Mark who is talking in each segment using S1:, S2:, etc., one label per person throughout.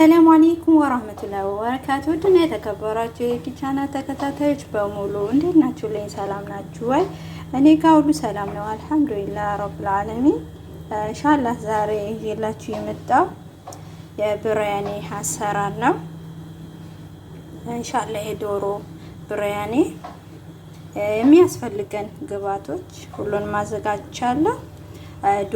S1: ሰላም አለይኩም ወራህመቱላሂ ወበረካቱ ድና የተከበራችሁ የኪቻና ተከታታዮች በሙሉ እንዴት ናችሁ? ልኝ ሰላም ናችሁ ወይ? እኔ ጋር ሁሉ ሰላም ነው፣ አልሐምዱሊላህ ረብል ዓለሚን። ኢንሻአላህ ዛሬ ይዤላችሁ የመጣው የብርያኒ አሰራር ነው። ኢንሻአላህ የዶሮ ብርያኒ የሚያስፈልገን ግብአቶች ሁሉን ማዘጋጅቻለሁ።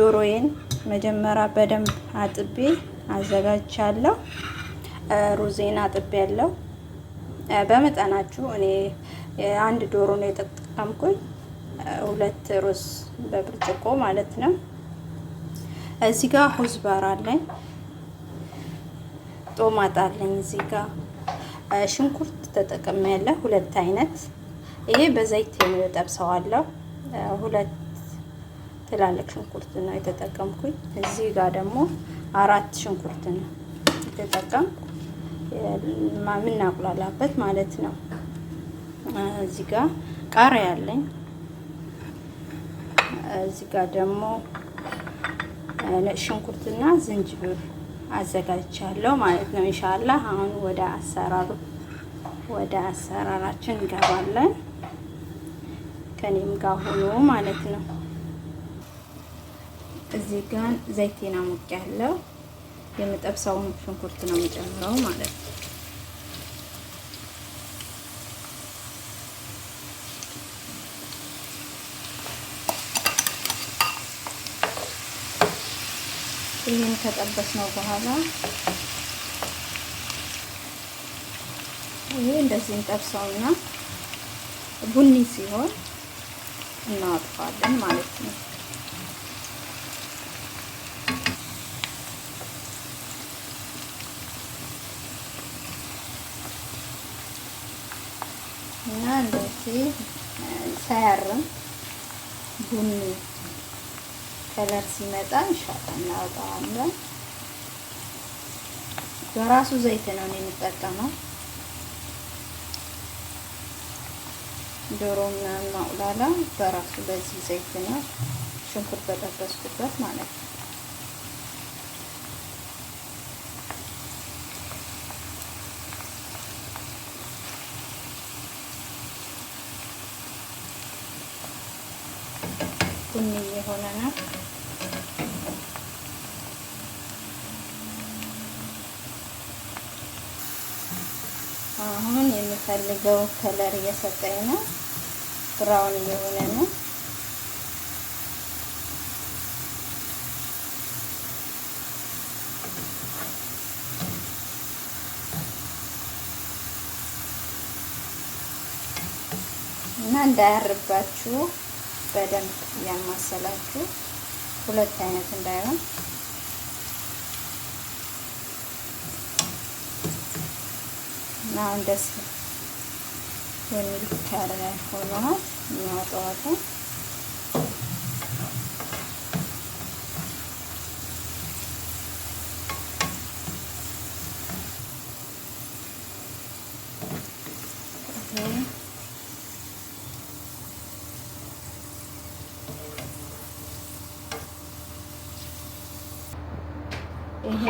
S1: ዶሮዬን መጀመሪያ በደንብ አጥቤ አዘጋጅቻለሁ። ሩዜን አጥቤያለሁ። በመጠናችሁ እኔ አንድ ዶሮ ነው የተጠቀምኩኝ፣ ሁለት ሩዝ በብርጭቆ ማለት ነው። እዚህ ጋር ባር አለኝ፣ ጦማጣ አለኝ። እዚህ ጋር ሽንኩርት ተጠቅሜያለሁ፣ ሁለት አይነት። ይሄ በዘይት ጠብሰዋለሁ። ሁለት ትላልቅ ሽንኩርት ነው የተጠቀምኩኝ። እዚህ ጋር ደግሞ አራት ሽንኩርት ነው የተጠቀምኩ የምናቁላላበት ማለት ነው። እዚህ ጋር ቃሪያ ያለኝ እዚህ ጋር ደግሞ ነጭ ሽንኩርትና ዝንጅብር አዘጋጅቻለሁ ማለት ነው። ኢንሻአላህ አሁን ወደ አሰራሩ ወደ አሰራራችን እንገባለን። ከኔም ጋር ሆኖ ማለት ነው። እዚህ ጋር ዘይቴና ሙቅ ያለው የምጠብሰውን ሽንኩርት ነው የሚጨምረው ማለት ነው። ይህን ከጠበስነው በኋላ ይህ እንደዚህ እንጠብሰውና ቡኒ ሲሆን እናወጥፋለን ማለት ነው። እና እንደዚህ ሳያርም ቡኒ ከለር ሲመጣ እንሻላ እናወጣዋለን። በራሱ ዘይት ነው የሚጠቀመው ዶሮ ምናምን ማቁላላ በራሱ በዚህ ዘይት ነው፣ ሽንኩርት በጠበስኩበት ማለት ነው። ቡኒ እየሆነ ነው። አሁን የሚፈልገው ከለር እየሰጠኝ ነው። ብራውን እየሆነ ነው። እና እንዳያርባችሁ በደንብ ያማሰላችሁ ሁለት አይነት እንዳይሆን እና አሁን ደስ የሚል ከለር ሆኗል። እናወጣዋለን።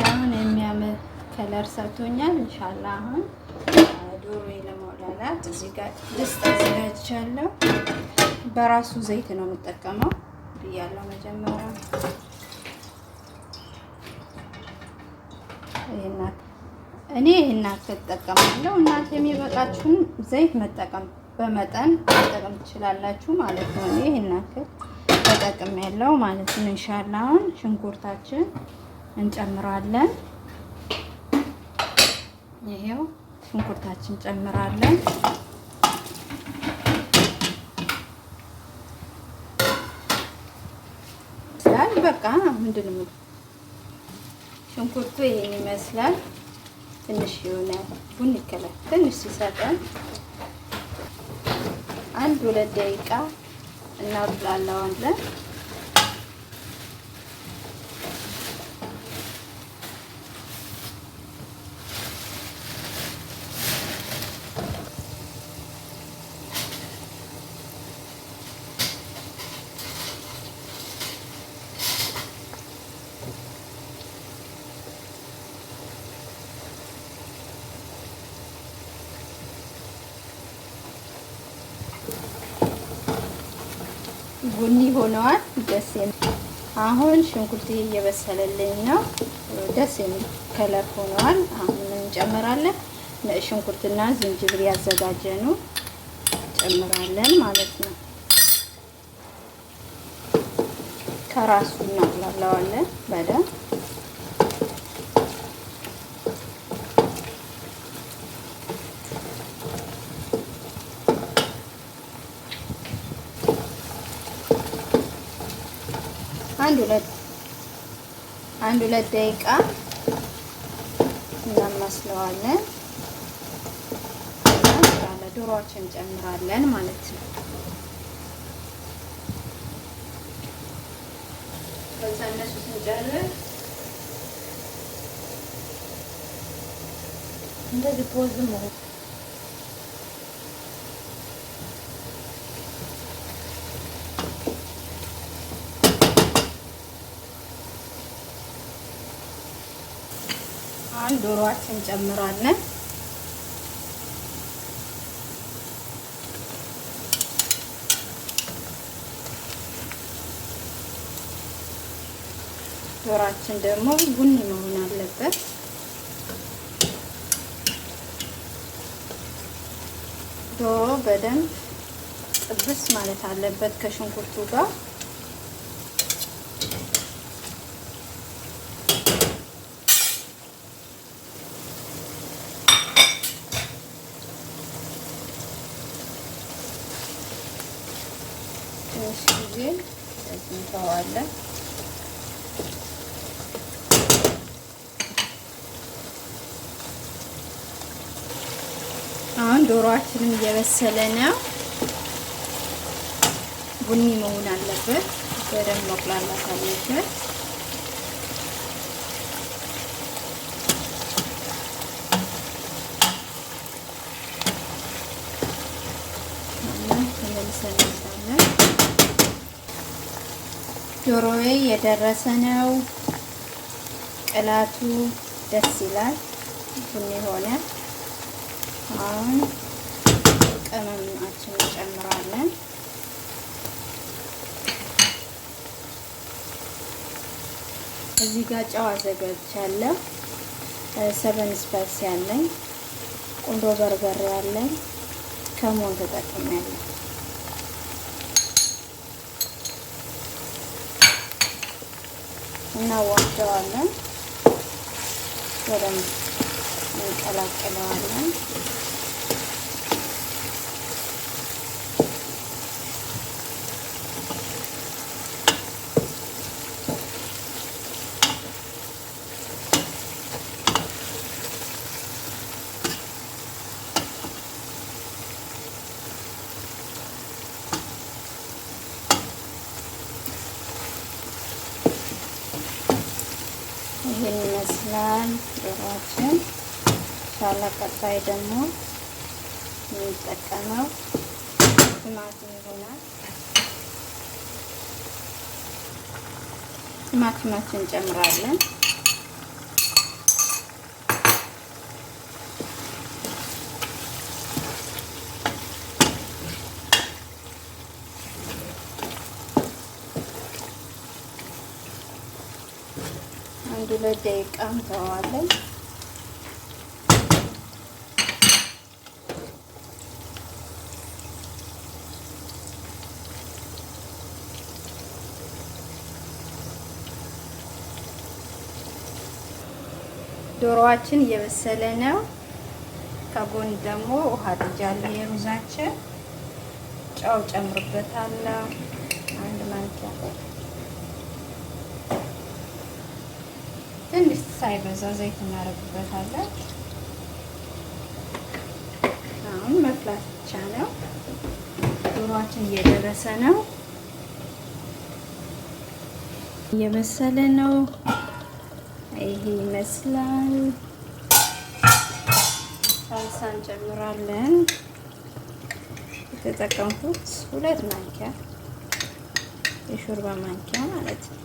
S1: አሁን የሚያምር ከለር ሰጥቶኛል። እንሻላ አሁን ዶሮ ለመውላላት እዚህ ጋር ድስት አዘጋጅቻለሁ። በራሱ ዘይት ነው የምጠቀመው ብያለው መጀመሪያ እኔ እናንተ ትጠቀማለሁ። እናት የሚበቃችሁን ዘይት መጠቀም በመጠን መጠቀም ትችላላችሁ ማለት ነው። እኔ ተጠቅም ያለው ማለት ነው። ኢንሻአላህ አሁን ሽንኩርታችን እንጨምራለን። ይሄው ሽንኩርታችን እንጨምራለን። ስላል በቃ ምንድን ነው ሽንኩርቱ ይሄን ይመስላል። ትንሽ የሆነ ቡን ይከላል። ትንሽ ሲሰጠን አንድ ሁለት ደቂቃ እናብላለን። ቡኒ ሆነዋል። ደስ የሚል አሁን ሽንኩርት እየበሰለልኝ ነው። ደስ የሚል ከለር ሆነዋል። አሁን እንጨምራለን ሽንኩርትና ዝንጅብል ያዘጋጀኑ እንጨምራለን ማለት ነው። ከራሱ እናቁላለዋለን በደንብ ሁለት አንድ ሁለት ደቂቃ እናማስለዋለን። ዶሮአችን እንጨምራለን ማለት ነው። ከዛ እነሱ ስንጨርስ እንደዚህ ፖዝ መሆን ዶሮዋችን ጨምራለን። ዶሮአችን ደግሞ ቡኒ መሆን አለበት። ዶሮ በደንብ ጥብስ ማለት አለበት ከሽንኩርቱ ጋር አሁን ዶሮአችንም እየበሰለ ነው። ቡኒ መሆን አለበት። በደንብ መቁላላት አለበት። ዶሮዬ የደረሰ ነው። ቅላቱ ደስ ይላል። ቡኒ ሆነ። አሁን ቅመማችን እንጨምራለን። እዚህ ጋር ጨው አዘጋጅቻለሁ። ሰቨን ስፓይስ ያለኝ ቁንዶ በርበሬ ያለኝ ከሞን ተጠቅሜያለሁ። እናዋህደዋለን፣ በደንብ እንቀላቅለዋለን። ላይ ደግሞ የምንጠቀመው ቲማቲም ይሆናል። ቲማቲማችን እንጨምራለን። አንድ ሁለት ደቂቃ እንተዋለን። ዶሮዋችን እየበሰለ ነው። ከጎን ደግሞ ውሃ ጥጃለሁ። የሩዛችን ጨው ጨምርበታለሁ፣ አንድ ማንኪያ ትንሽ ሳይበዛ ዘይት እናደርግበታለን። አሁን መፍላት ብቻ ነው። ዶሮዋችን እየደረሰ ነው፣ እየበሰለ ነው። ይሄ ይመስላል። ሳልሳ እንጨምራለን። የተጠቀምኩት ሁለት ማንኪያ የሾርባ ማንኪያ ማለት ነው።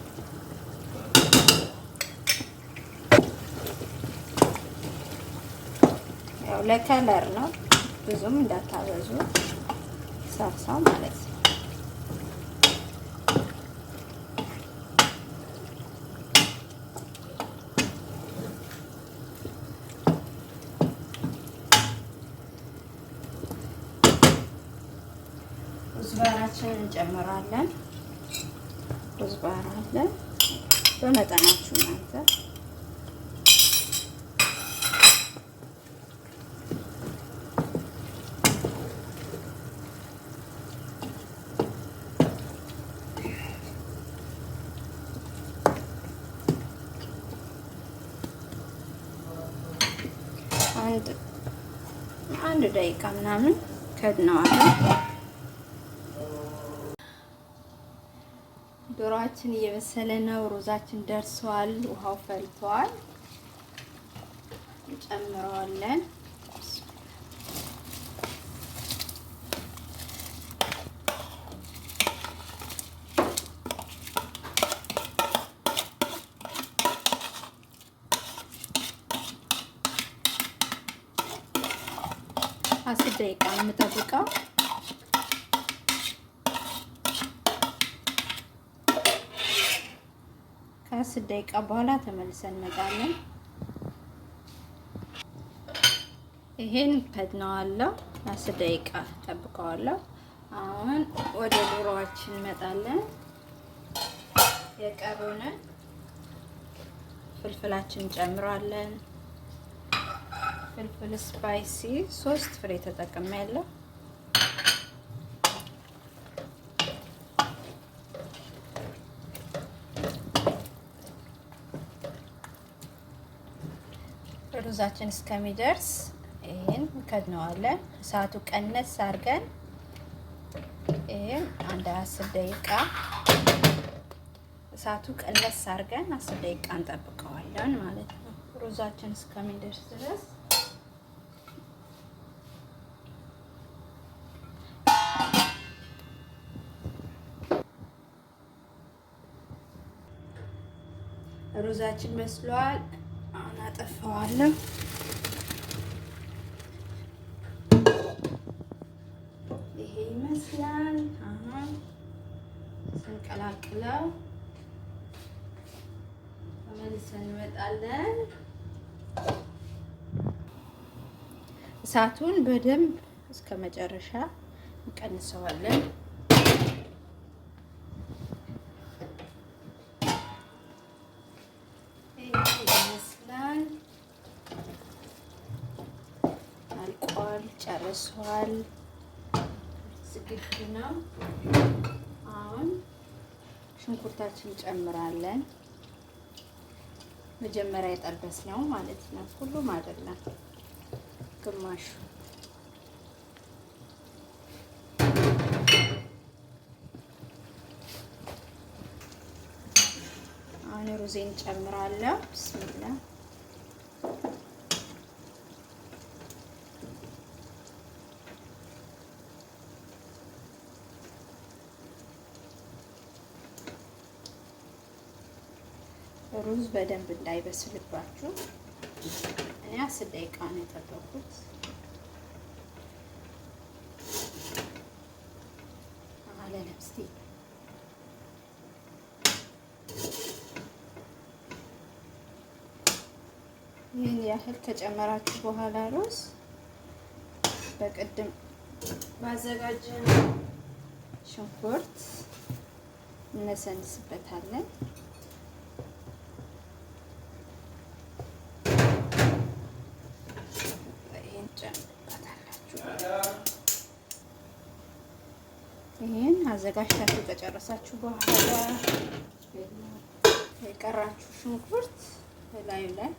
S1: ያው ለከለር ነው፣ ብዙም እንዳታበዙ ሳልሳው ማለት ነው። ኩዝባራችን እንጨምራለን። ኩዝባራ አለን በመጠናችሁ እናንተ አንድ ደቂቃ ምናምን ከድነዋለን። ዶሮአችን እየበሰለ ነው። ሩዛችን ደርሰዋል። ውሃው ፈልቷል። እንጨምረዋለን። አስር ደቂቃ ነው የምጠብቀው። ከአስር ደቂቃ በኋላ ተመልሰን እንመጣለን። ይሄን ፈትነዋለሁ፣ አስር ደቂቃ ጠብቀዋለሁ። አሁን ወደ ዶሮዋችን እንመጣለን። የቀሩንን ፍልፍላችን ጨምሯለን ፍልፍል ስፓይሲ ሶስት ፍሬ ተጠቅሜያለሁ። ሩዛችን እስከሚደርስ ይህን እንከድነዋለን። እሳቱ ቀነስ አድርገን ይህን አንድ አስር ደቂቃ እሳቱ ቀነስ አድርገን አስር ደቂቃ እንጠብቀዋለን ማለት ነው። ሩዛችን እስከሚደርስ ድረስ ሩዛችን መስሏል። አጠፋዋለሁ። ይሄ ይመስላል። አሁን ስንቀላቅለው ተመልሰን እንመጣለን። እሳቱን በደንብ እስከ መጨረሻ እንቀንሰዋለን። ደርሷል። ዝግጁ ነው። አሁን ሽንኩርታችን እንጨምራለን። መጀመሪያ የጠበስ ነው ማለት ነው። ሁሉም አይደለም፣ ግማሹ አሁን ሩዜን እንጨምራለሁ። ብስሚላ ሩዝ በደንብ እንዳይበስልባችሁ እኔ አስር ደቂቃ ነው የጠበኩት። አለለምስቲ ይህን ያህል ከጨመራችሁ በኋላ ሩዝ በቅድም ባዘጋጀነው ሽንኩርት እነሰንስበታለን። አዘጋጅታችሁ ከጨረሳችሁ በኋላ የቀራችሁ ሽንኩርት ላዩ ላይ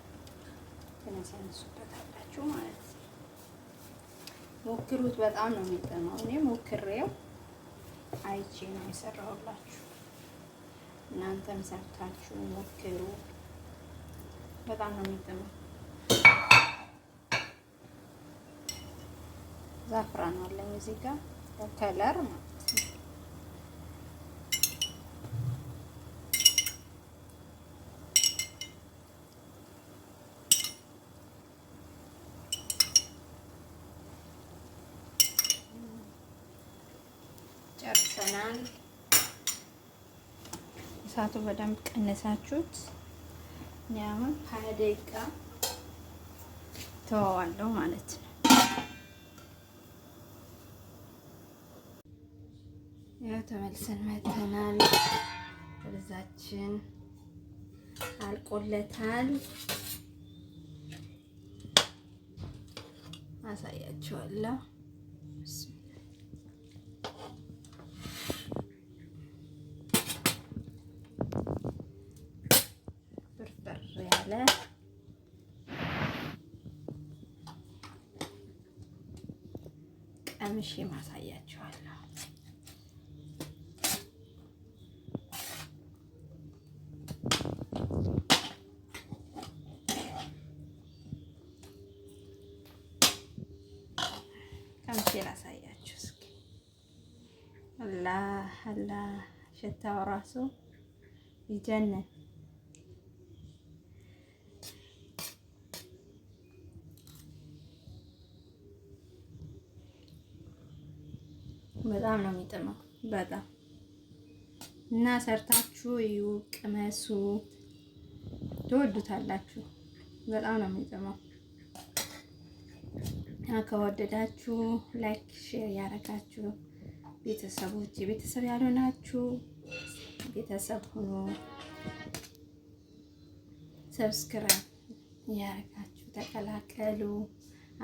S1: ትነሳንሱበታላችሁ ማለት ነው። ሞክሩት። በጣም ነው የሚጠማው። እኔ ሞክሬው አይቼ ነው የሰራሁላችሁ። እናንተም ሰርታችሁ ሞክሩ። በጣም ነው የሚጠማው። ዛፍራን አለኝ እዚህ ጋር ከለር ማለት ነው። ይሆናል። እሳቱ በደንብ ቀነሳችሁት። እኔ አሁን ሀያ ደቂቃ ተወዋለሁ ማለት ነው። ያው ተመልሰን መተናል። ርዛችን አልቆለታል። አሳያችኋለሁ ቀምሼ ማሳያችኋለሁ። ቀምሼ ላሳያችሁ እስኪ። አላህ አላህ ሸታው ራሱ ይጀነን። ምርጥ ነው በጣም እና ሰርታችሁ እዩ፣ ቅመሱ፣ ትወዱታላችሁ። በጣም ነው የሚጥመው። ከወደዳችሁ ላይክ፣ ሼር ያደረጋችሁ ቤተሰቦች፣ ቤተሰብ ያልሆናችሁ ቤተሰብ ሁኑ። ሰብስክራይብ ያረጋችሁ ተቀላቀሉ፣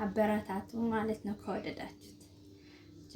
S1: አበረታቱ ማለት ነው ከወደዳችሁ